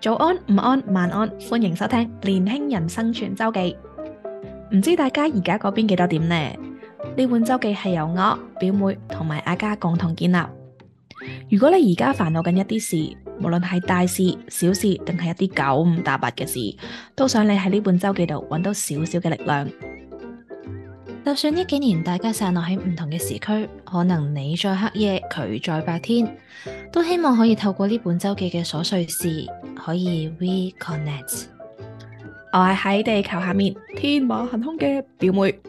早安、午安、晚安，歡迎收聽《年輕人生存周記》。唔知大家而家嗰邊幾多點呢？呢本周記係由我表妹同埋阿嘉共同建立。如果你而家煩惱緊一啲事，無論係大事、小事，定係一啲九唔搭八嘅事，都想你喺呢本周記度揾到少少嘅力量。就算呢幾年大家散落喺唔同嘅時區，可能你在黑夜，佢在白天，都希望可以透過呢本周記嘅瑣碎事，可以 reconnect。我係喺地球下面天馬行空嘅表妹，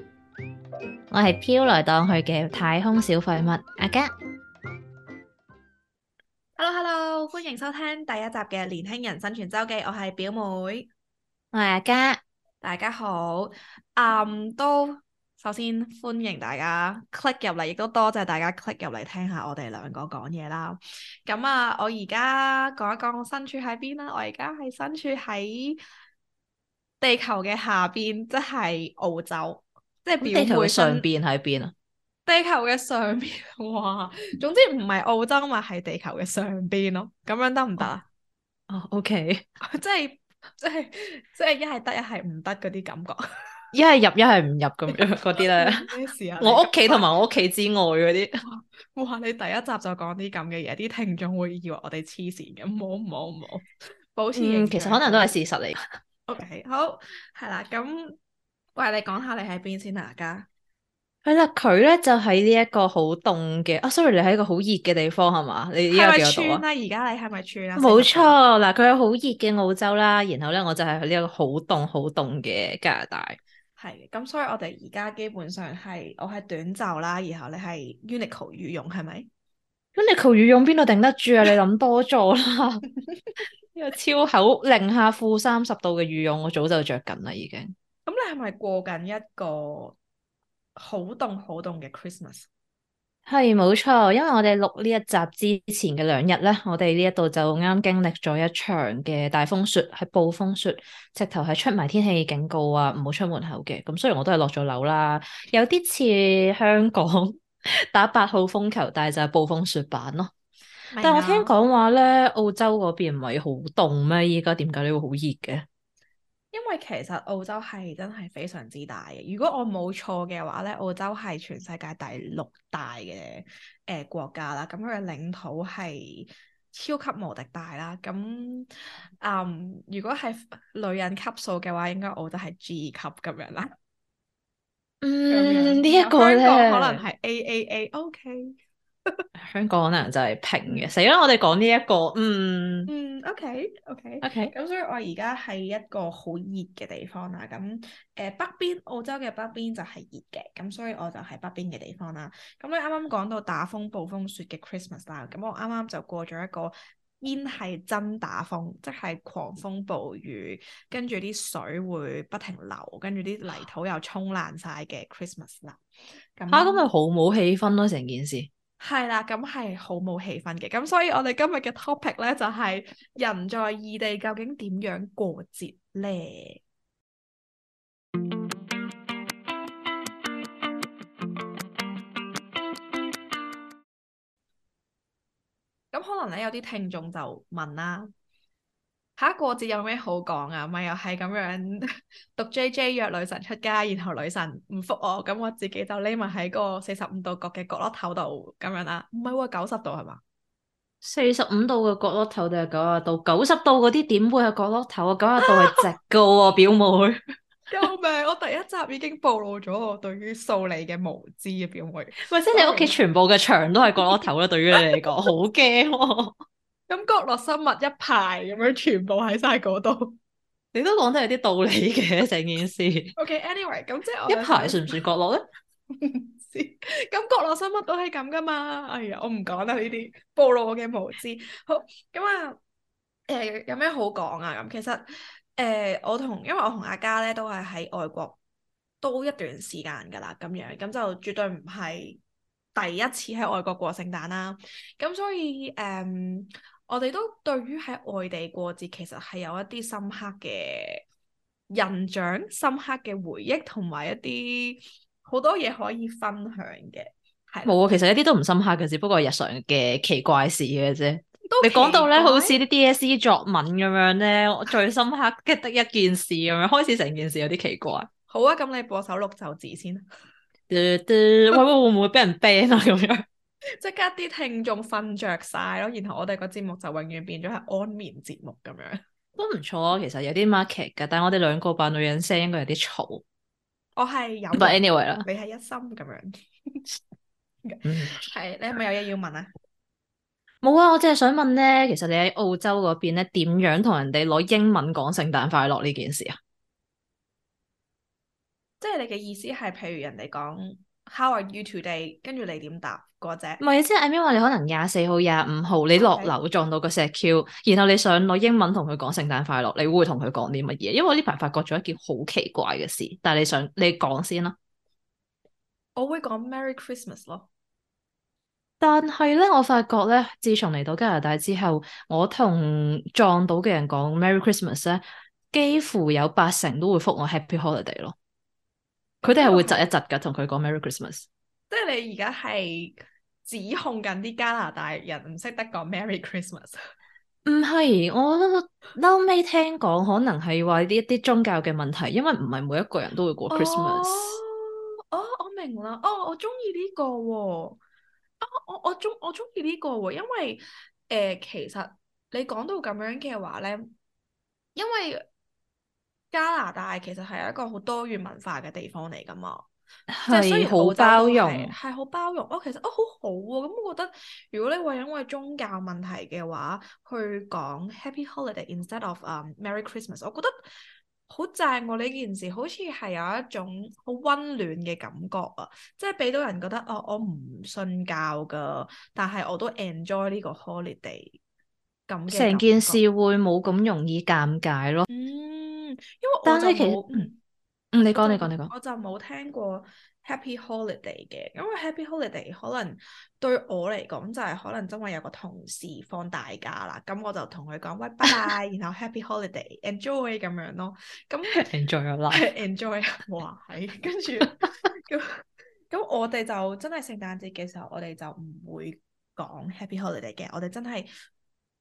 我係飄來蕩去嘅太空小廢物阿嘉。Hello，Hello，hello，歡迎收聽第一集嘅《年輕人生存周記》，我係表妹，我係阿嘉，大家好，嗯、um, 都。首先歡迎大家 click 入嚟，亦都多謝大家 click 入嚟聽下我哋兩個講嘢啦。咁啊，我而家講一講我身處喺邊啦。我而家係身處喺地球嘅下邊，即係澳洲，即係地球上邊喺邊啊？地球嘅上邊，哇！總之唔係澳洲嘛，係地球嘅上邊咯。咁樣得唔得啊？OK，即係即係即係一係得一係唔得嗰啲感覺。一係入一係唔入咁樣嗰啲咧，呢 事啊、我屋企同埋我屋企之外嗰啲， 哇！你第一集就講啲咁嘅嘢，啲聽眾會以為我哋黐線嘅，唔好，唔好，保持、嗯。其實可能都係事實嚟。O、okay, K，好係啦，咁喂，你講下你喺邊先啊，家。係啦，佢咧就喺呢一個好凍嘅，啊，sorry，你喺一個好熱嘅地方係嘛？你依家幾多度而家你係咪村？啊？冇錯，嗱，佢有好熱嘅澳洲啦，然後咧我就係呢個好凍好凍嘅加拿大。係，咁所以我哋而家基本上係我係短袖啦，然後你係 Uniqlo 羽絨係咪？Uniqlo 羽絨邊度頂得住啊？ 你諗多咗啦，呢個超厚零下負三十度嘅羽絨我早就着緊啦已經。咁你係咪過緊一個好凍好凍嘅 Christmas？係冇錯，因為我哋錄呢一集之前嘅兩日咧，我哋呢一度就啱經歷咗一場嘅大風雪，係暴風雪，直頭係出埋天氣警告啊，唔好出門口嘅。咁雖然我都係落咗樓啦，有啲似香港打八號風球，但係就係暴風雪版咯。的但係我聽講話咧，澳洲嗰邊唔係好凍咩？依家點解你會好熱嘅？因為其實澳洲係真係非常之大嘅。如果我冇錯嘅話咧，澳洲係全世界第六大嘅誒、呃、國家啦。咁佢嘅領土係超級無敵大啦。咁，嗯，如果係女人級數嘅話，應該澳洲係 G 級咁樣啦。樣嗯，後呢一個可能係 A A A。O K。 香港可能就係平嘅死啦。嗯、我哋講呢一個嗯嗯，OK OK OK。咁所以，我而家係一個好熱嘅地方啦。咁誒，北邊澳洲嘅北邊就係熱嘅，咁所以我就喺北邊嘅地方啦。咁咧，啱啱講到打風、暴風雪嘅 Christmas 啦。咁我啱啱就過咗一個煙係真打風，即係狂風暴雨，跟住啲水會不停流，跟住啲泥土又沖爛晒嘅 Christmas 啦。吓咁咪好冇氣氛咯，成件事。係啦，咁係好冇氣氛嘅，咁所以我哋今日嘅 topic 咧，就係人在異地究竟點樣過節咧？咁可能咧，有啲聽眾就問啦。吓過節有咩好講啊？咪又係咁樣讀 J J 約女神出街，然後女神唔覆我，咁我自己就匿埋喺嗰個四十五度角嘅角落頭、哦、度咁樣啦。唔係喎，九十度係嘛？四十五度嘅角落頭定係九十度？九十度嗰啲點會係角落頭啊？九十度係直高啊， 表妹！ 救命！我第一集已經暴露咗我對於數理嘅無知啊，表妹。或者你屋企全部嘅牆都係角落頭咧、啊？對於你嚟講，好驚、啊。 咁角落生物一排咁樣，全部喺晒嗰度。 你都講得有啲道理嘅，整件事。 o、okay, K，anyway，咁即係我一排算唔算角落咧？唔知。咁角落生物都係咁噶嘛？哎呀，我唔講啦呢啲，暴露我嘅無知。好，咁啊，誒、呃，有咩好講啊？咁其實誒、呃，我同因為我同阿嘉咧都係喺外國都一段時間噶啦，咁樣，咁就絕對唔係第一次喺外國過聖誕啦。咁所以誒。嗯我哋都對於喺外地過節，其實係有一啲深刻嘅印象、深刻嘅回憶同埋一啲好多嘢可以分享嘅。冇啊，其實一啲都唔深刻嘅，只不過日常嘅奇怪事嘅啫。都你講到咧，好似啲 DSE 作文咁樣咧，我最深刻嘅得一件事咁樣， 開始成件事有啲奇怪。好啊，咁你播首六就字先。我 會唔會俾人 ban 啊咁樣？ 即刻啲聽眾瞓着晒咯，然後我哋個節目就永遠變咗係安眠節目咁樣。都唔錯啊，其實有啲 market 㗎，但係我哋兩個扮女人聲應該有啲吵。我係有，但 But anyway 啦、 嗯，你係一心咁樣。係，你係咪有嘢要問啊？冇 啊，我淨係想問咧，其實你喺澳洲嗰邊咧，點樣同人哋攞英文講聖誕快樂呢件事啊？即係你嘅意思係，譬如人哋講。How are you today？跟住你點答，或者唔係即係 Amy 話你可能廿四號、廿五號你落樓撞到個石橋，然後你想攞英文同佢講聖誕快樂，你會同佢講啲乜嘢？因為我呢排發覺咗一件好奇怪嘅事，但係你想你講先啦。我會講 Merry Christmas 咯，但係咧我發覺咧，自從嚟到加拿大之後，我同撞到嘅人講 Merry Christmas 咧，幾乎有八成都會覆我 Happy Holiday 咯。佢哋係會窒一窒㗎，同佢講 Merry Christmas。即係你而家係指控緊啲加拿大人唔識得講 Merry Christmas？唔係，我嬲尾聽講，可能係話呢一啲宗教嘅問題，因為唔係每一個人都會過 Christmas。哦、oh, oh, oh，我明啦。哦、呃，我中意呢個喎。我我中我中意呢個喎，因為誒，其實你講到咁樣嘅話咧，因為。加拿大其實係一個好多元文化嘅地方嚟噶嘛，是即所以好包容，係好包容。哦，其實哦，好好啊。咁、嗯、我覺得，如果你話因為宗教問題嘅話，去講 Happy Holiday instead of、um, Merry Christmas，我覺得好正、啊。我呢件事好似係有一種好溫暖嘅感覺啊，即係俾到人覺得哦，我唔信教噶，但係我都 enjoy 呢個 holiday 咁成件事會冇咁容易尷尬咯。嗯。嗯，因為我就冇，嗯說，嗯就，你講你講你講，我就冇聽過 Happy Holiday 嘅，因為 Happy Holiday 可能對我嚟講就係可能，真係有個同事放大假啦，咁我就同佢講拜拜，bye bye 然後 Happy Holiday，enjoy 咁樣咯，咁 enjoy 啦，enjoy 玩，跟住咁咁我哋就真係聖誕節嘅時候，我哋就唔會講 Happy Holiday 嘅，我哋真係。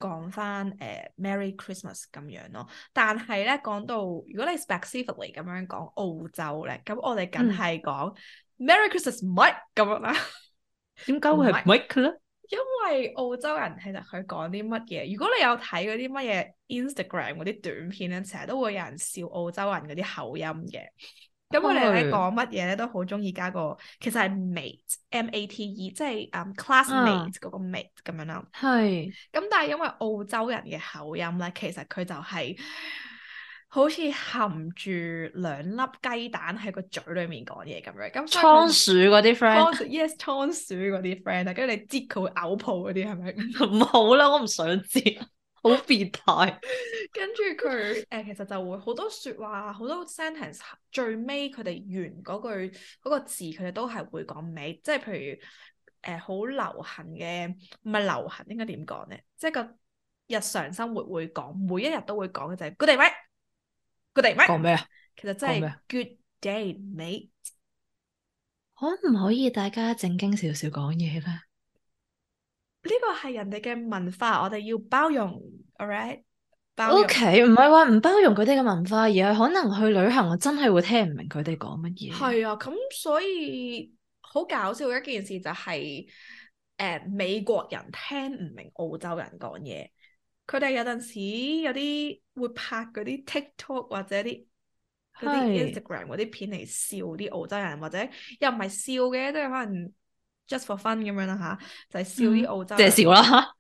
講翻誒 Merry Christmas 咁樣咯，但係咧，講到如果你 specifically 咁樣講澳洲咧，咁我哋梗係講 Merry Christmas, Mike 咁樣啦。點解會係 Mike 咧？因為澳洲人其實佢講啲乜嘢，如果你有睇嗰啲乜嘢 Instagram 嗰啲短片咧，成日都會有人笑澳洲人嗰啲口音嘅。咁我哋咧講乜嘢咧都好中意加個，其實係 mate，M A T E，即係誒 classmate 嗰、啊、個 mate 咁樣啦。係是。咁但係因為澳洲人嘅口音咧，其實佢就係好似含住兩粒雞蛋喺個嘴裏面講嘢咁樣。咁倉鼠嗰啲 friend，yes 倉鼠嗰啲 friend 啊，跟、yes, 住 你擠佢嘔泡嗰啲係咪？唔好啦，我唔想知。好變態， 跟住佢誒，其實就會好多說話，好多 sentence，最尾佢哋完嗰句嗰、那個字，佢哋都係會講 mate，即係譬如誒好、呃、流行嘅，唔係流行應該點講咧？即係個日常生活會講，每一日都會講嘅就係 good day mate，good day mate 講咩啊？其實真、就、係、是、good day，mate」。可唔可以大家正經少少講嘢咧？呢個係人哋嘅文化，我哋要包容，all right？包容。OK，唔係話唔包容佢哋嘅文化，而係可能去旅行我真係會聽唔明佢哋講乜嘢。係啊，咁所以好搞笑嘅一件事就係、是，誒、呃、美國人聽唔明澳洲人講嘢，佢哋有陣時有啲會拍嗰啲 TikTok 或者啲啲 Instagram 嗰啲片嚟笑啲澳洲人，或者又唔係笑嘅，即係可能。just for fun 咁樣啦吓，就係、是、笑於澳洲，即係、嗯、笑啦，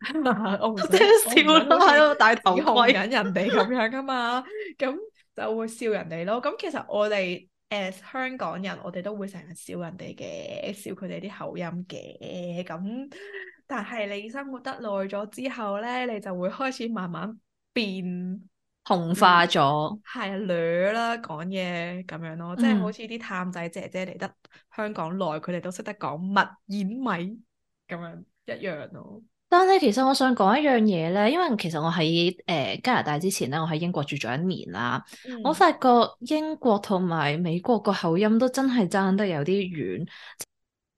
澳即係笑啦想，係咯，戴 頭盔胎人哋咁樣噶嘛，咁就會笑人哋咯。咁其實我哋 as 香港人， 我哋都會成日笑人哋嘅，笑佢哋啲口音嘅。咁但係你生活得耐咗之後咧，你就會開始慢慢變。同化咗，係啊、嗯，女啦，講嘢咁樣咯，即係好似啲探仔姐姐嚟得香港耐，佢哋都識得講乜燕米咁樣一樣咯。但係其實我想講一樣嘢咧，因為其實我喺誒加拿大之前咧，我喺英國住咗一年啦，嗯、我發覺英國同埋美國個口音都真係爭得有啲遠。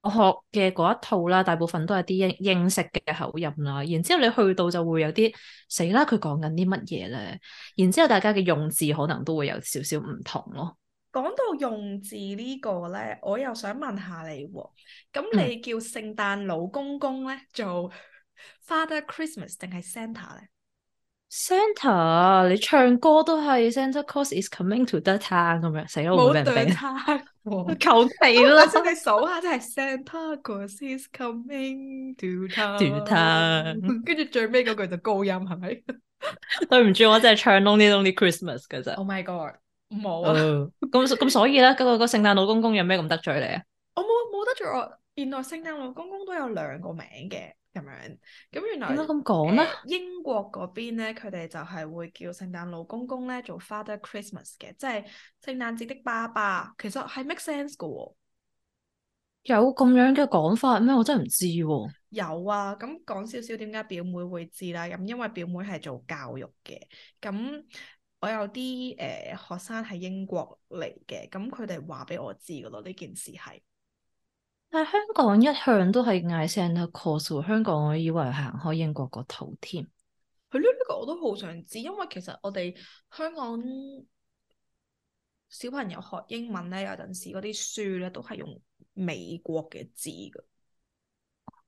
我學嘅嗰一套啦，大部分都係啲英英式嘅口音啦，然之後你去到就會有啲死啦，佢講緊啲乜嘢咧？然之後大家嘅用字可能都會有少少唔同咯。講到用字個呢個咧，我又想問，問下你，咁你叫聖誕老公公咧、嗯、做 Father Christmas 定係 Santa 咧？Santa，你唱歌都係 Santa Claus is coming to town 咁樣。死啦，我冇認得。 求死啦，即係數下，真係 Santa Claus is coming to town，跟住最尾嗰句就高音係咪？ 對唔住，我真係唱 Lonely Lonely Christmas 噶啫。Oh my God，冇咁咁所以咧，嗰個個聖誕老公公有咩咁得罪你啊？ 我冇冇得罪我原來聖誕老公公都有兩個名嘅。咁樣，咁原來點解咁講咧？英國嗰邊咧，佢哋就係會叫聖誕老公公咧做 Father Christmas 嘅，即係聖誕節的爸爸。其實係 make sense 㗎喎、啊。有咁樣嘅講法咩？我真係唔知喎、啊。有啊，咁講少少，點解表妹會知啦？咁因為表妹係做教育嘅，咁我有啲誒、呃、學生喺英國嚟嘅，咁佢哋話俾我知㗎咯，呢件事係。但香港一向都係嗌 Santa Claus，香港我以為行開英國個套添。佢呢呢個我都好想知，因為其實我哋香港小朋友學英文咧，有陣時嗰啲書咧都係用美國嘅字噶。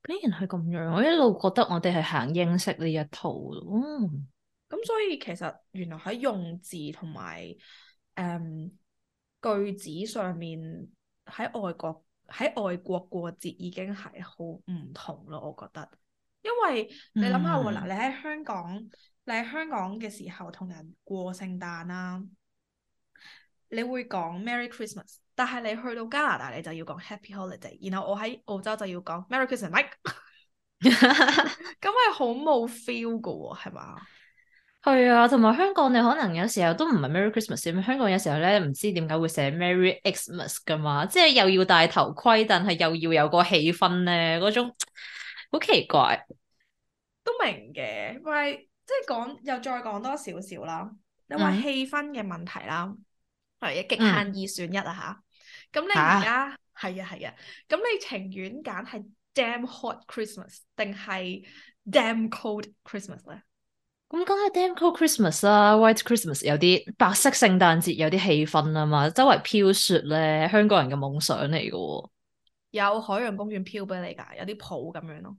竟然係咁樣，我一路覺得我哋係行英式呢一套嗯，咁所以其實原來喺用字同埋誒句子上面喺外國喺外國過節已經係好唔同咯，我覺得，因為你諗下喎嗱，你喺、mm. 香港，你喺香港嘅時候同人過聖誕啦、啊，你會講 Merry Christmas，但係你去到加拿大你就要講 Happy Holiday，然後我喺澳洲就要講 Merry Christmas，咁係好冇 feel 噶喎，係 嘛、哦？係啊，同埋香港你可能有時候都唔係 Merry Christmas，香港有時候咧唔知點解會寫 Merry Xmas 噶嘛，即係又要戴頭盔，但係又要有個氣氛咧，嗰種好奇怪。都明嘅，喂，即係講又再講多少少啦，因為氣氛嘅問題啦，係啊，極限、嗯、二選一啊吓。咁、嗯、你而家係啊係啊，咁你情願揀係 Damn Hot Christmas 定係 Damn Cold Christmas 咧？咁梗係，嗯，講下《Damn Cold Christmas》啦，《White Christmas》有啲白色聖誕節有啲氣氛啊嘛，周圍飄雪咧，香港人嘅夢想嚟嘅喎，有海洋公園飄俾你㗎，有啲泡咁樣咯，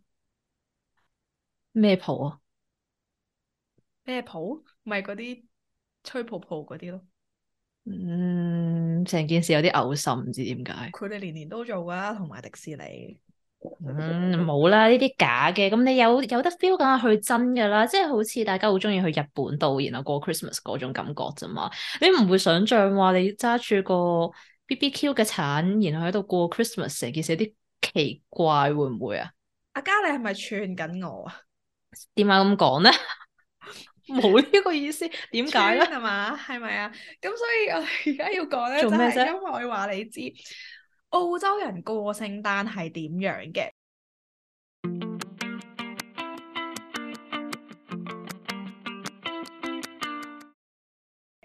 咩泡啊？咩泡？咪嗰啲吹泡泡嗰啲咯。嗯，成件事有啲嘔心，唔知點解。佢哋年年都做㗎，同埋迪士尼。嗯，冇啦，呢啲假嘅，咁你有有得 feel 梗係去真噶啦，即係好似大家好中意去日本度然後過 Christmas 嗰種感覺啫嘛，你唔會想象話你揸住個 BBQ 嘅鏟然後喺度過 Christmas，成件事有啲奇怪，會唔會啊？阿嘉，你係咪串緊我啊？點解咁講咧？冇 呢個意思，點解咧？係嘛？係咪啊？咁所以我而家要講咧，就係因為我話你知。澳洲人過聖誕係點樣嘅？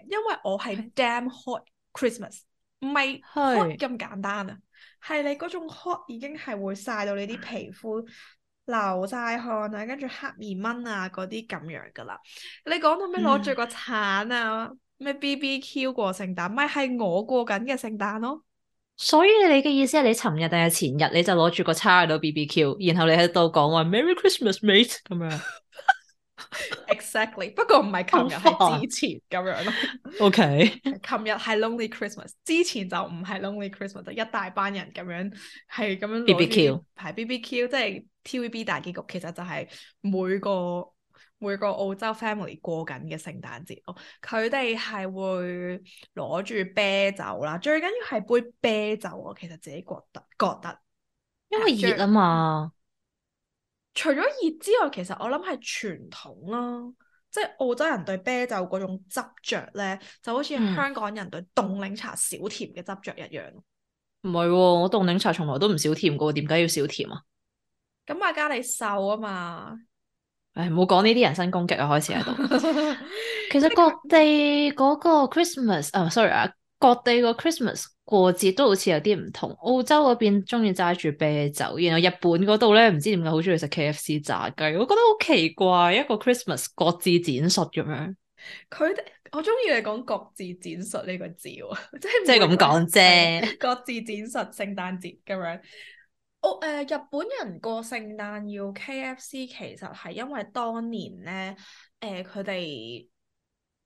因為我係 damn hot Christmas，唔係 hot 咁簡單是啊，係你嗰種 hot 已經係會曬到你啲皮膚流晒汗啊，跟住黑面蚊啊嗰啲咁樣噶啦。你講到咩攞住個鏟啊，咩 BBQ 過聖誕，咪係我過緊嘅聖誕咯。所以你嘅意思係你尋日定係前日你就攞住個叉去到 B B Q，然後你喺度講話 Merry Christmas，mate 咁樣。Exactly，不過唔係尋日，係、oh, 之前咁樣咯。OK，尋日係 Lonely Christmas，之前就唔係 Lonely Christmas，就一大班人咁樣係咁樣 B B Q，排 B B Q，即係 T V B 大結局，其實就係每個。每個澳洲 family 過緊嘅聖誕節咯，佢哋係會攞住啤酒啦，最緊要係杯啤酒，我其實自己覺得覺得，因為熱啊嘛。除咗熱之外，其實我諗係傳統咯，即係澳洲人對啤酒嗰種執著咧，就好似香港人對凍檸茶少甜嘅執着一樣。唔係喎，我凍檸茶從來都唔少甜嘅喎，點解要少甜啊？咁阿嘉你瘦啊嘛？唔好講呢啲人身攻擊啊，開始喺度。 其實各地嗰個 Christmas，啊 ，sorry 啊，Sorry, 各地個 Christmas 過節都好似有啲唔同。澳洲嗰邊中意揸住啤酒，然後日本嗰度咧唔知點解好中意食 KFC 炸雞，我覺得好奇怪。一個 Christmas 各自表述咁樣。佢哋，我中意你講各自表述呢個字喎，即係即係咁講啫。各自表述聖誕節咁樣。哦呃、日本人過聖誕要 K F C，其實係因為當年咧，誒佢哋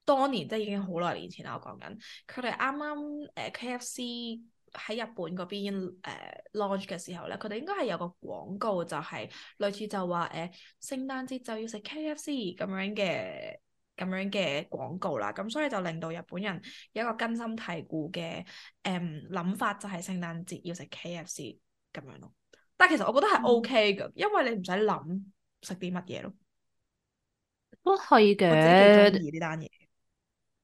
當年即係已經好耐年前啦，我講緊佢哋啱啱誒 K F C 喺日本嗰邊、呃、launch 嘅時候咧，佢哋應該係有個廣告就係類似就話誒、呃、聖誕節就要食 K F C 咁樣嘅咁樣嘅廣告啦。咁所以就令到日本人有一個根深蒂固嘅誒諗法就係聖誕節要食 K F C 咁樣咯。但其實我覺得係 O K 嘅，因為你唔使諗食啲乜嘢咯。都係嘅，我幾中意呢單嘢。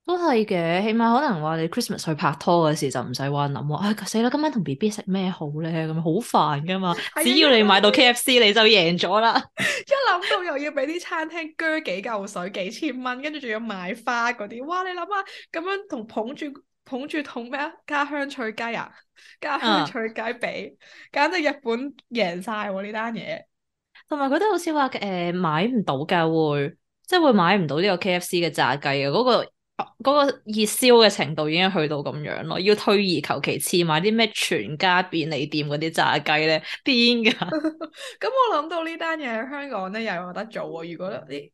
都係嘅，起碼可能話你 Christmas 去拍拖嗰時就唔使話諗話，哎！死啦！今晚同 B B 食咩好咧？咁好煩噶嘛！的只要你買到 K F C，你就贏咗啦。 一諗到又要俾啲餐廳鋸幾嚿水幾千蚊，跟住仲要買花嗰啲，哇！你諗下咁樣同捧住～捧住桶咩啊？家鄉脆雞啊，家鄉脆雞髀，啊、簡直日本贏晒喎呢單嘢。同埋覺得好似話誒買唔到㗎，會即係會買唔到呢個 KFC 嘅炸雞啊！嗰、嗰個嗰、嗰個熱銷嘅程度已經去到咁樣咯，要推而求其次買啲咩全家便利店嗰啲炸雞咧？癲㗎？咁 我諗到呢單嘢喺香港咧又有得做喎、啊，如果啲。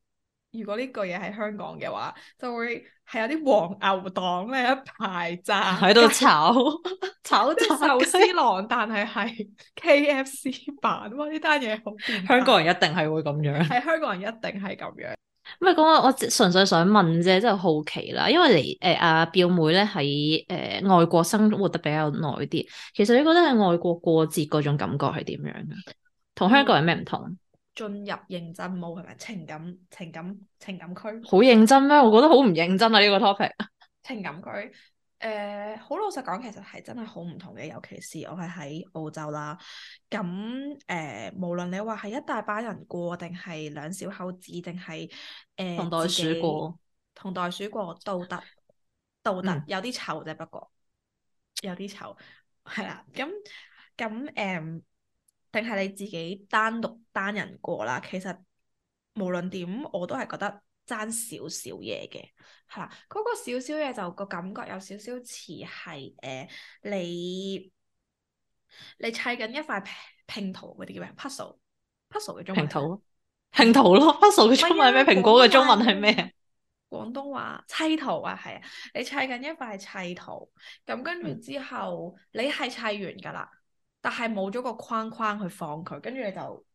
如果呢個嘢喺香港嘅話，就會係有啲黃牛黨咧一排炸喺度炒 炒啲雞 壽司郎，但係係 K F C 版哇！呢單嘢好香港，人一定係會咁樣，係香港人一定係咁樣。咁係講我純粹想問啫，即係好奇啦。因為嚟誒阿表妹咧喺誒外國生活得比較耐啲，其實你覺得喺外國過節嗰種感覺係點樣嘅？同香港人有咩唔同？嗯進入認真冇係咪？情感、情感、情感區。好認真咩？我覺得好唔認真啊！呢、這個 topic。情感區，誒、呃，好老實講，其實係真係好唔同嘅。尤其是我係喺澳洲啦，咁誒、呃，無論你話係一大班人過，定係兩小口子，定係誒。呃、同袋鼠過。同袋鼠過都得，都得、嗯、有啲醜啫，不過有啲醜，係啦。咁咁誒。定係你自己單獨單人過啦，其實無論點我都係覺得爭少少嘢嘅，係啦，嗰、嗰個少少嘢就個感覺有少少似係誒，你你砌緊一、啊、一塊拼圖嗰啲叫咩？puzzle，puzzle 嘅中文拼圖咯，拼圖咯，puzzle 嘅中文係咩？蘋果嘅中文係咩？廣東話砌圖啊，係啊，你砌緊一塊砌圖，咁跟住之後、嗯、你係砌完㗎啦。但係冇咗個框框去放佢，跟住你就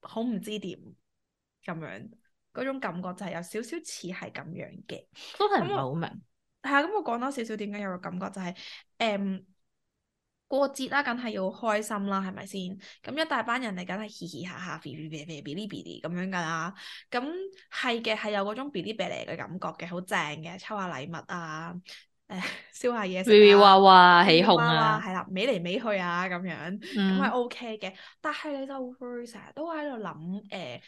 好唔知點咁樣，嗰種感覺就係有，有少少似係咁樣嘅。都係唔係好明？係啊，咁我講多少少點解有個感覺就係、是、誒、嗯、過節啦、啊，梗係要開心啦，係咪先？咁一大班人嚟，梗係嘻嘻哈哈、肥肥肥肥、嗶哩嗶哩咁樣噶啦。咁係嘅，係有嗰種嗶哩嗶哩嘅感覺嘅，好正嘅，抽下禮物啊～誒，燒、哎、下嘢食，玩玩起哄啦、啊，係啦，美嚟美去啊，咁樣咁係 O K 嘅。但係你就會成日都喺度諗，誒、呃、誒、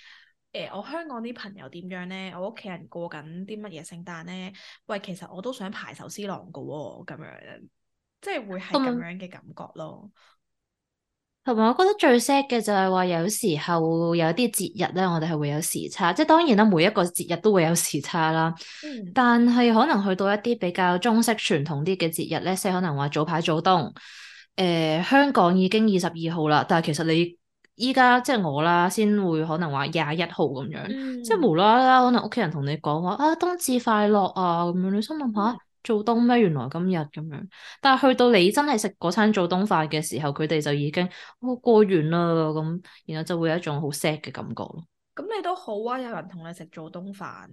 呃呃，我香港啲朋友點樣咧？我屋企人過緊啲乜嘢聖誕咧？喂，其實我都想排首詩郎噶、哦，咁樣，即係會係咁樣嘅感覺咯。嗯同埋，我覺得最 sad 嘅就係話，有時候有啲節日咧，我哋係會有時差，即係當然啦，每一個節日都會有時差啦。嗯、但係可能去到一啲比較中式傳統啲嘅節日咧，即係可能話早排早冬，誒、呃、香港已經二十二號啦，但係其實你依家即係我啦，先會可能話廿一號咁樣，嗯、即係無啦啦，可能屋企人同你講話啊冬至快樂啊咁樣，你心諗下。做冬咩？原來今日咁樣，但係去到你真係食嗰餐做冬飯嘅時候，佢哋就已經、哦、過完啦咁，然後就會有一種好 sad 嘅感覺咯。咁你都好啊，有人同你食做冬飯。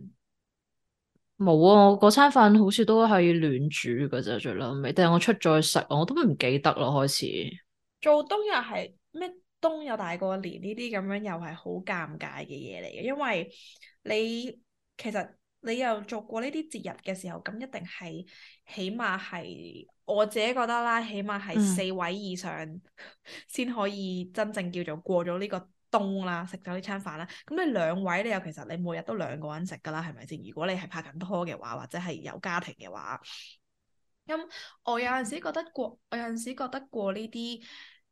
冇啊，我嗰餐飯好似都係亂煮㗎咋，最撚尾。但係我出咗去食，我都唔記得啦，開始。做冬日係咩？冬又大過年呢啲咁樣又係好尷尬嘅嘢嚟嘅，因為你其實。你又做過呢啲節日嘅時候，咁一定係起碼係我自己覺得啦，起碼係四位以上先可以真正叫做過咗呢個冬啦，食咗呢餐飯啦。咁你兩位，你又其實你每日都兩個人食噶啦，係咪先？如果你係拍緊拖嘅話，或者係有家庭嘅話，咁我有陣時覺得過，我有陣時覺得過呢啲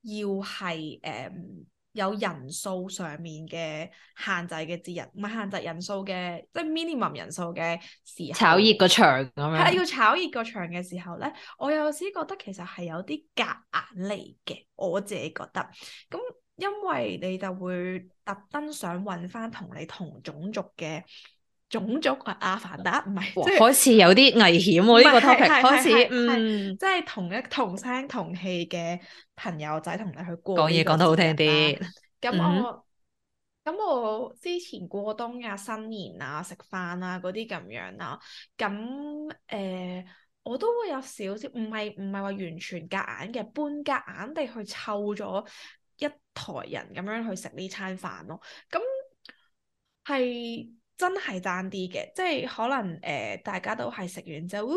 要係誒。Um, 有人數上面嘅限制嘅節日，唔係限制人數嘅，即係 minimum 人數嘅時，時候炒熱個場咁樣。係要炒熱個場嘅時候咧，我有時覺得其實係有啲夾硬嚟嘅，我自己覺得。咁因為你就會特登想揾翻同你同種族嘅。種族啊，阿凡達，唔係，即是開始有啲危險喎、啊。呢是個 topic 是開始，嗯，即係同一同聲同氣嘅朋友仔同你去過、啊。講嘢講得好聽啲。咁我，咁、嗯、我，我之前過冬啊、新年啊、食飯啊嗰啲咁樣啦、啊。咁誒、呃，我都會有少少，唔係唔係話完全夾硬嘅，半夾硬地去湊咗一台人咁樣去食呢餐飯咯。咁係。真係爭啲嘅，即係可能誒、呃，大家都係食完之後，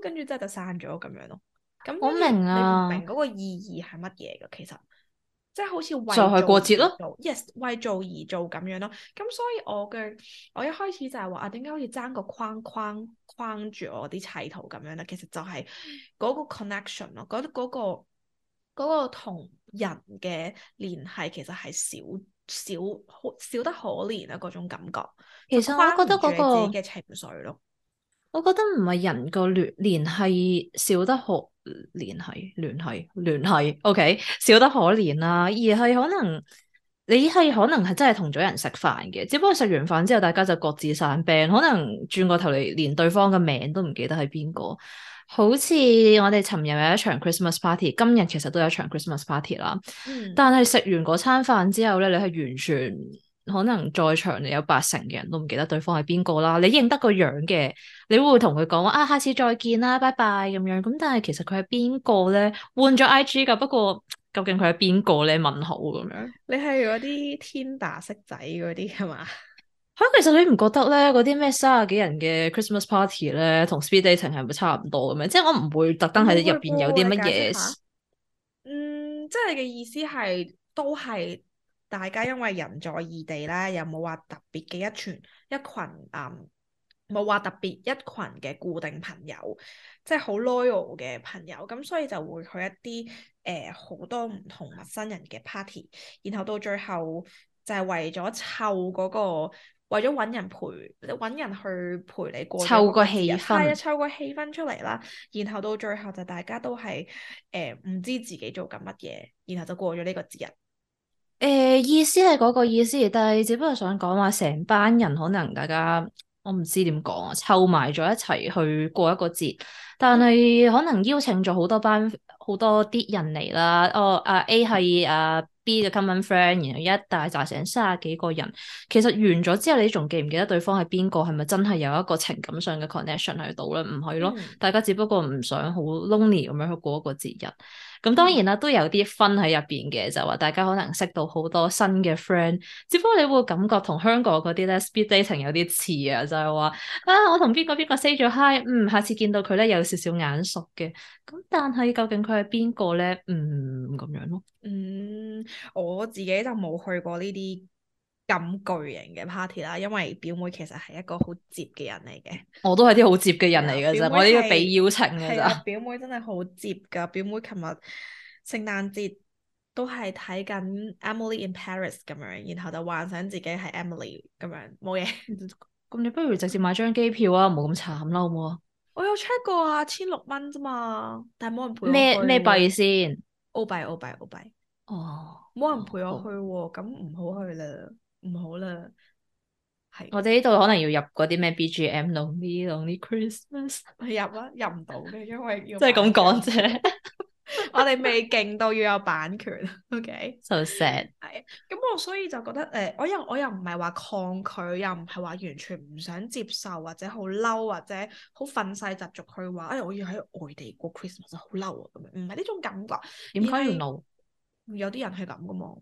跟住之後就散咗咁樣咯。咁我明啊，你唔明嗰個意義係乜嘢嘅？其實即係好似為做而做而做就係過節咯。Yes，為做而做咁樣咯。咁所以我嘅我一開始就係話啊，點解好似爭個框框框住我啲砌圖咁樣咧？其實就係嗰個 connection 咯，嗰、嗰、嗰個嗰同、嗰個、人嘅聯繫其實係少。少，好少得可憐啊，嗰種感覺，其實我覺得嗰、嗰個嘅情緒咯，我覺得唔係人個聯聯繫少得可憐，聯繫聯繫聯繫，OK 少得可憐啦、啊，而係可能你係可能係真係同咗人食飯嘅，只不過食完飯之後大家就各自散病，病可能轉過頭嚟連對方嘅名都唔記得係邊個。好似我哋尋日有一場 Christmas party，今日其實都有一場 Christmas party 啦。嗯、但係食完嗰餐飯之後咧，你係完全可能在場有八成嘅人都唔記得對方係邊個啦。你認得個樣嘅，你會同佢講啊，下次再見啦，拜拜咁樣。咁但係其實佢係邊個咧？換咗 IG 噶，不過究竟佢係邊個咧？問號咁樣。你係嗰啲天打識仔嗰啲係嘛？嚇、啊，其實你唔覺得咧，嗰啲咩三十幾人嘅 Christmas party 咧，同 speed dating 係咪差唔多咁樣？即係我唔會特登喺入邊有啲乜嘢。嗯，即係你嘅意思係都係大家因為人在異地咧，又冇話特別嘅一串一群，嗯，冇話特別一群嘅固定朋友，即係好 loyal 嘅朋友，咁所以就會去一啲誒好多唔同陌生人嘅 party，然後到最後就係為咗湊嗰個。為咗揾人陪，揾人去陪你過個節，抽個氣氛，拉一抽個氣氛出嚟啦。然後到最後就大家都係誒唔知自己做緊乜嘢，然後就過咗呢個節日。誒、呃、意思係嗰個意思，但係只不過想講話成班人可能大家我唔知點講啊，湊埋咗一齊去過一個節，但係可能邀請咗好多班好多啲人嚟啦。哦，啊 A 係啊。嗯 uh, 啲 common friend，然後一大紮成三十幾個人，其實完咗之後，你仲記唔記得對方係邊個？係咪真係有一個情感上嘅 connection 喺度咧？唔係咯，嗯、大家只不過唔想好 lonely 咁樣去過一個節日。咁、嗯、當然啦，都有啲 fun 喺入邊嘅，就話、是、大家可能識到好多新嘅 friend，只不過你會感覺同香港嗰啲咧 speed dating 有啲似啊，就係、是、話啊，我同邊個邊個 say 咗 hi，嗯，下次見到佢咧有少少眼熟嘅，咁但係究竟佢係邊個咧？唔、嗯、咁樣咯。嗯，我自己就冇去過呢啲咁巨型嘅 party 啦，因為表妹其實係一個好接嘅人嚟嘅，我都係啲好接嘅人嚟嘅啫，我都要俾邀請嘅啫。表妹真係好接噶，表妹琴日聖誕節都係睇緊 Emily in Paris 咁樣，然後就幻想自己係 Emily 咁樣冇嘢。咁你不如直接買張機票啊，唔好咁慘啦好唔好啊？我有 check 過啊，千六蚊啫嘛，但係冇人陪。咩咩幣先？澳幣澳幣澳幣哦，冇人陪我去喎，咁唔好去啦。Oh. 唔好啦，係我哋呢度可能要入嗰啲咩 BGM 咯，呢啲咯呢 Christmas 去入啊，入唔到嘅，因為要即係咁講啫。 我哋未勁到要有版權，OK？So、okay? sad。係，咁我所以就覺得誒、呃，我又我又唔係話抗拒，又唔係話完全唔想接受，或者好嬲，或者好憤世疾俗去話，誒、哎，我要喺外地過 Christmas，好嬲啊，咁樣，唔係呢種感覺。點解要怒？有啲人係咁噶嘛。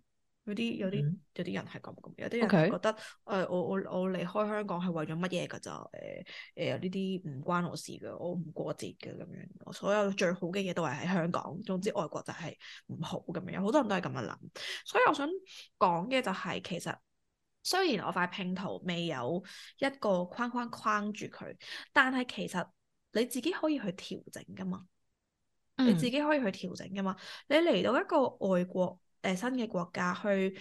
有啲有啲有啲人係咁嘅，有啲人，人覺得誒 Okay.、呃、我我我離開香港係為咗乜嘢㗎？就誒有呢啲唔關我事嘅，我唔過節嘅。咁樣，所有最好嘅嘢都係喺香港。總之外國就係唔好咁樣，好多人都係咁樣諗。所以我想講嘅就係、係、其實雖然我塊拼圖未有一個框框框住佢，但係其實你自己可以去調整㗎嘛，mm. 你自己可以去調整㗎嘛。你嚟到一個外國。誒，新嘅國家去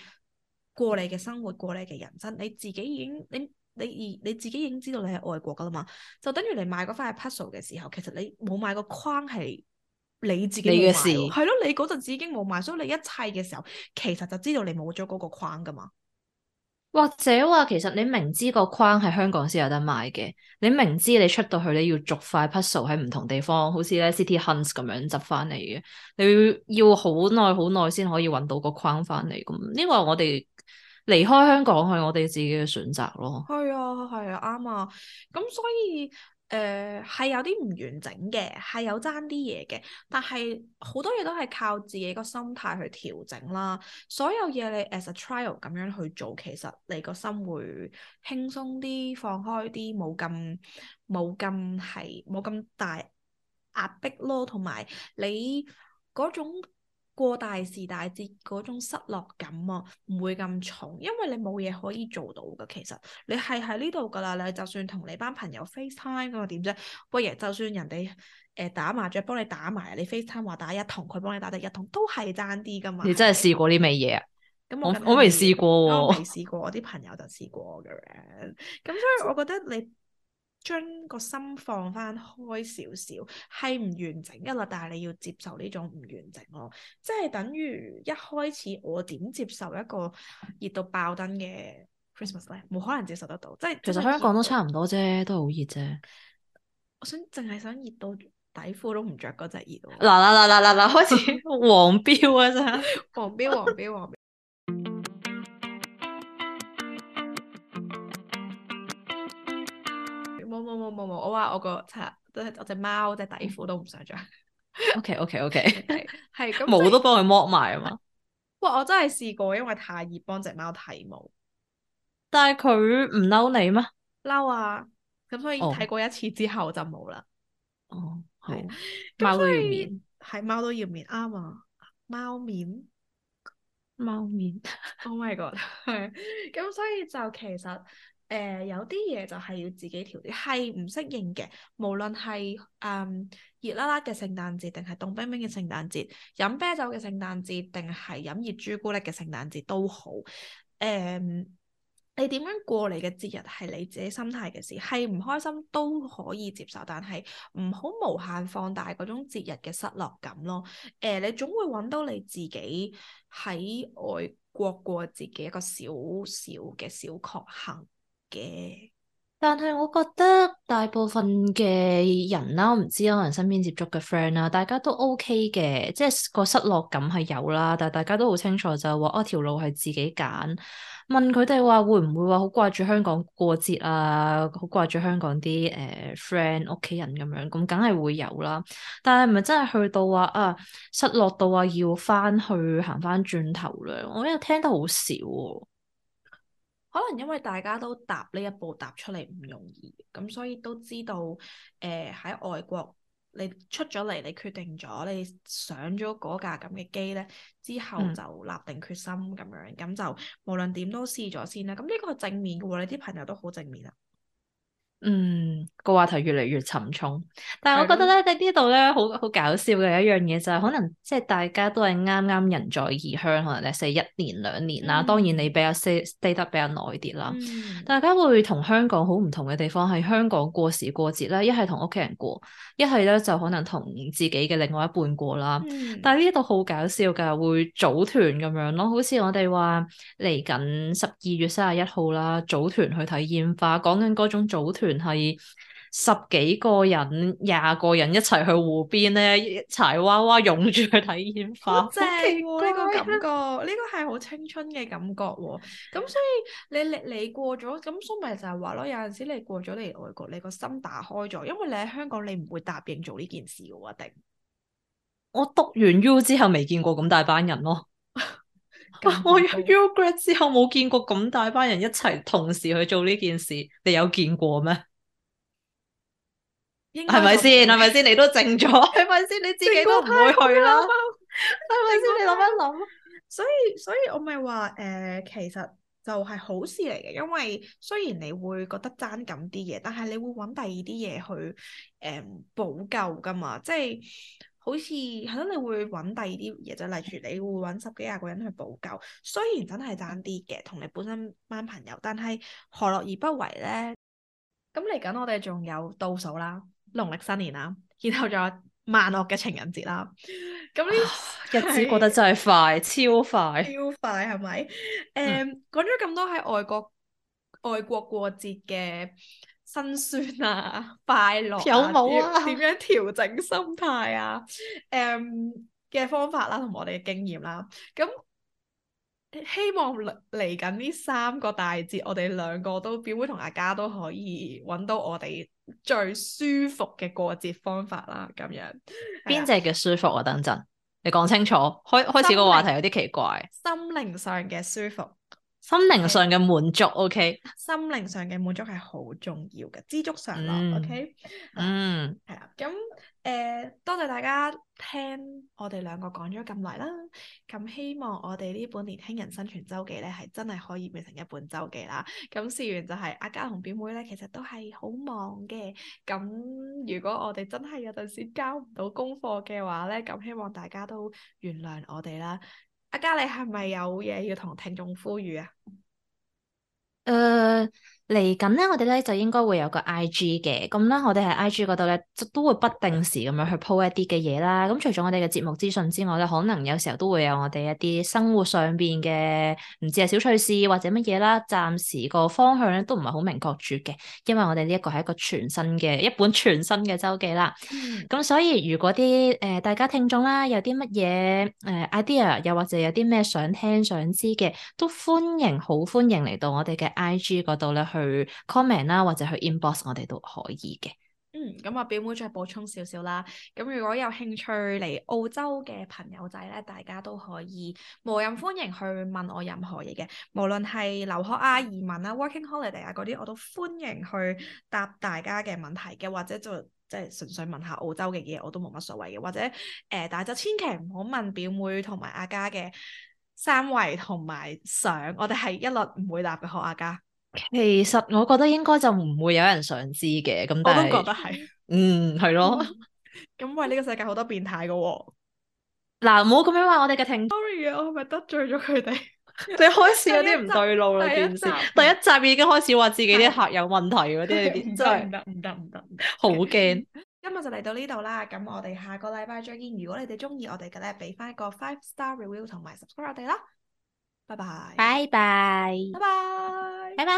過你嘅生活，過你嘅人生，你自己已經你你而你自己已經知道你喺外國㗎喇嘛，就等於你買嗰塊 puzzle 嘅時候，其實你冇買個框係你自己，嘅事係咯，你嗰陣時已經冇買，所以你一切嘅時候，其實就知道你冇咗嗰個框㗎嘛。或者話其實你明知個框喺香港先有得買嘅，你明知你出到去你要逐塊 puzzle 喺唔同地方，好似咧 city hunts 咁樣執翻嚟嘅，你要好耐好耐先可以揾到個框翻嚟咁。呢個我哋離開香港係我哋自己嘅選擇咯。係 啊，係啊，啱啊。咁所以。誒係、呃、有啲唔完整嘅，係有爭啲嘢嘅，但係好多嘢都係靠自己個心態去調整啦。所有嘢你 as a trial 咁樣去做，其實你個心會輕鬆啲、放開啲，冇咁冇咁係冇咁大壓迫咯，同埋你嗰種，過大時大節嗰種失落感啊，唔會咁重，因為你冇嘢可以做到噶。其實你係喺呢度噶啦，你就算同你班朋友 FaceTime 咁啊點啫？喂，就算人哋誒、呃、打麻雀幫你打埋，你 FaceTime 話打一筒，佢幫你打得一筒，都係爭啲噶嘛。你真係試過啲咩嘢啊？咁、嗯、我我未試過，我未試過，我啲朋友就試過嘅。咁所以我覺得你。將個心放翻開少少，係唔完整嘅啦，但係你要接受呢種唔完整咯，即係等於一開始我點接受一個熱到爆燈嘅 Christmas 咧，冇可能接受得到。即係其實香港都差唔多啫，都好熱啫。我想淨係想熱到底褲都唔着嗰隻熱。嗱嗱嗱嗱嗱嗱，開始 黃標啊！咋係黃標黃標黃標。冇冇冇冇冇！我話我個擦，真係我隻貓只底褲都唔想着。OK OK OK，係咁 毛都幫佢剝埋啊嘛。哇！我真係試過，因為太熱幫隻貓剃毛，但係佢唔嬲你咩？嬲啊！咁所以剃過一次之後就冇啦。哦，係。貓都要面，係貓都要面啱啊！貓面，貓面。我 oh my god 咁， 所以就其實。誒、呃、有啲嘢就係要自己調，係唔適應嘅。無論係誒、嗯、熱辣辣嘅聖誕節，定係凍冰冰嘅聖誕節，飲啤酒嘅聖誕節，定係飲熱朱古力嘅聖誕節都好。誒、呃，你點樣過你嘅節日係你自己心態嘅事，係唔開心都可以接受，但係唔好無限放大嗰種節日嘅失落感咯。誒、呃，你總會揾到你自己喺外國過自己一個小小嘅小確幸。嘅，但係我覺得大部分嘅人啦、啊，我唔知可能身邊接觸嘅 friend 啦，大家都 OK 嘅，即係個失落感係有啦，但係大家都好清楚就話，哦，條路係自己揀。問佢哋話會唔會話好掛住香港過節啊？好掛住香港啲誒、呃、friend、屋企人咁樣，咁梗係會有啦。但係咪真係去到話啊失落到話要翻去行翻轉頭咧？我呢個聽得好少、啊可能因為大家都踏呢一步踏出嚟唔容易，咁所以都知道，誒、呃、喺外國你出咗嚟，你決定咗，你上咗嗰架咁嘅機咧，之後就立定決心咁、嗯、樣，咁就無論點都試咗先啦。咁呢個係正面嘅喎，你啲朋友都好正面啊。嗯，個話題越嚟越沉重，但係我覺得咧，喺呢度咧好好搞笑嘅一樣嘢就係、是，可能即係大家都係啱啱人在異鄉，可能你 stay 一年兩年啦，mm. 當然你比較 stay stay 得比較耐啲啦。Mm. 大家會同香港好唔同嘅地方係香港過時過節啦，一係同屋企人過，一係咧就可能同自己嘅另外一半過啦。Mm. 但係呢度好搞笑嘅，會組團咁樣咯，好似我哋話嚟緊十二月三十一號啦，組團去睇煙花，講緊嗰種組團。係十幾個人、廿個人一齊去湖邊咧，柴娃娃湧住去睇煙花， 好正呢、啊這個感覺，呢個係好青春嘅感覺喎、哦。咁所以你你，你過咗，咁所以咪就係話咯，有陣時你過咗嚟外國，你個心打開咗，因為你喺香港你唔會答應做呢件事噶喎，一定我讀完 U 之後未見過咁大班人咯。我入 Ugrad 之後冇見過咁大班人一齊同時去做呢件事，你有見過咩？係咪先？係咪先？你都靜咗？係咪先？你自己都唔會去啦。係咪先？ 你諗一諗。 所以所以，我咪話誒，其實就係好事嚟嘅，因為雖然你會覺得爭緊啲嘢，但係你會揾第二啲嘢去誒、嗯、補救噶嘛，即係。好似係咯，你會揾第二啲嘢，就例如你會揾十幾廿個人去補救，雖然真係爭啲嘅，同你本身班朋友，但係何樂而不為咧？咁嚟緊我哋仲有倒數啦，農曆新年啦，然後仲有萬惡嘅情人節啦，咁呢、 嗯、 日子過得真係快，是超快，超快係咪？誒，講咗咁多喺外國，外國過節嘅。辛酸啊，快樂有冇啊？點樣調整心態啊？誒嘅、啊嗯、方法啦，同埋我哋嘅經驗啦，咁希望嚟嚟緊呢三個大節，我哋兩個都表妹同阿嘉都可以揾到我哋最舒服嘅過節方法啦。咁樣邊隻嘅舒服啊？等陣你講清楚，開靈開始個話題有啲奇怪。心靈上嘅舒服。心靈上嘅滿足，OK？心靈上嘅滿足係好重要嘅，知足常樂，OK？嗯，係啦 Okay?、嗯。咁誒、嗯呃，多謝大家聽我哋兩個講咗咁耐啦。咁希望我哋呢本年輕人生存周記咧，係真係可以變成一本周記啦。咁事緣就係、是、阿家同表妹咧，其實都係好忙嘅。咁如果我哋真係有陣時交唔到功課嘅話咧，咁希望大家都原諒我哋啦。家你係咪有嘢要同聽眾呼籲啊？誒、uh。嚟緊咧，我哋咧就應該會有個 IG 嘅，咁咧我哋喺 IG 嗰度咧，都都會不定時咁樣去 po 一啲嘅嘢啦。咁除咗我哋嘅節目資訊之外咧，可能有時候都會有我哋一啲生活上邊嘅唔知係小趣事或者乜嘢啦。暫時個方向咧都唔係好明確住嘅，因為我哋呢一個係一個全新嘅一本全新嘅周記啦。咁、嗯、所以如果啲誒、呃、大家聽眾啦有啲乜嘢誒 idea，又或者有啲咩想聽想知嘅，都歡迎好歡迎嚟到我哋嘅 IG 嗰度咧去 comment 啦，或者去 inbox，我哋都可以嘅。嗯，咁啊，表妹再補充少少啦。咁如果有興趣嚟澳洲嘅朋友仔咧，大家都可以無任歡迎去問我任何嘢嘅，無論係留學啊、移民啊、working holiday 啊嗰啲，我都歡迎去答大家嘅問題嘅，或者就即係純粹問下澳洲嘅嘢，我都冇乜所謂嘅。或者誒、呃，但係就千祈唔好問表妹同埋阿嘉嘅三圍同埋相，我哋係一律唔會答嘅，好阿嘉。其實我覺得應該就唔會有人想知嘅，咁但我都覺得係，嗯，係咯。咁喂、呢、嗯、個世界好多變態噶喎。嗱、啊，唔好咁樣話我哋嘅停。Sorry 啊,我係咪得罪咗佢哋？即 開始有啲唔對路啦，電視第，第，第一集已經開始話自己啲客有問題嗰啲，真唔得唔得唔得，好驚。今日就嚟到呢度啦，咁我哋下個禮拜再見。如果你哋中意我哋嘅咧，俾翻個 five star review 同埋 subscribe 我哋啦。拜拜，拜拜，拜拜，拜拜。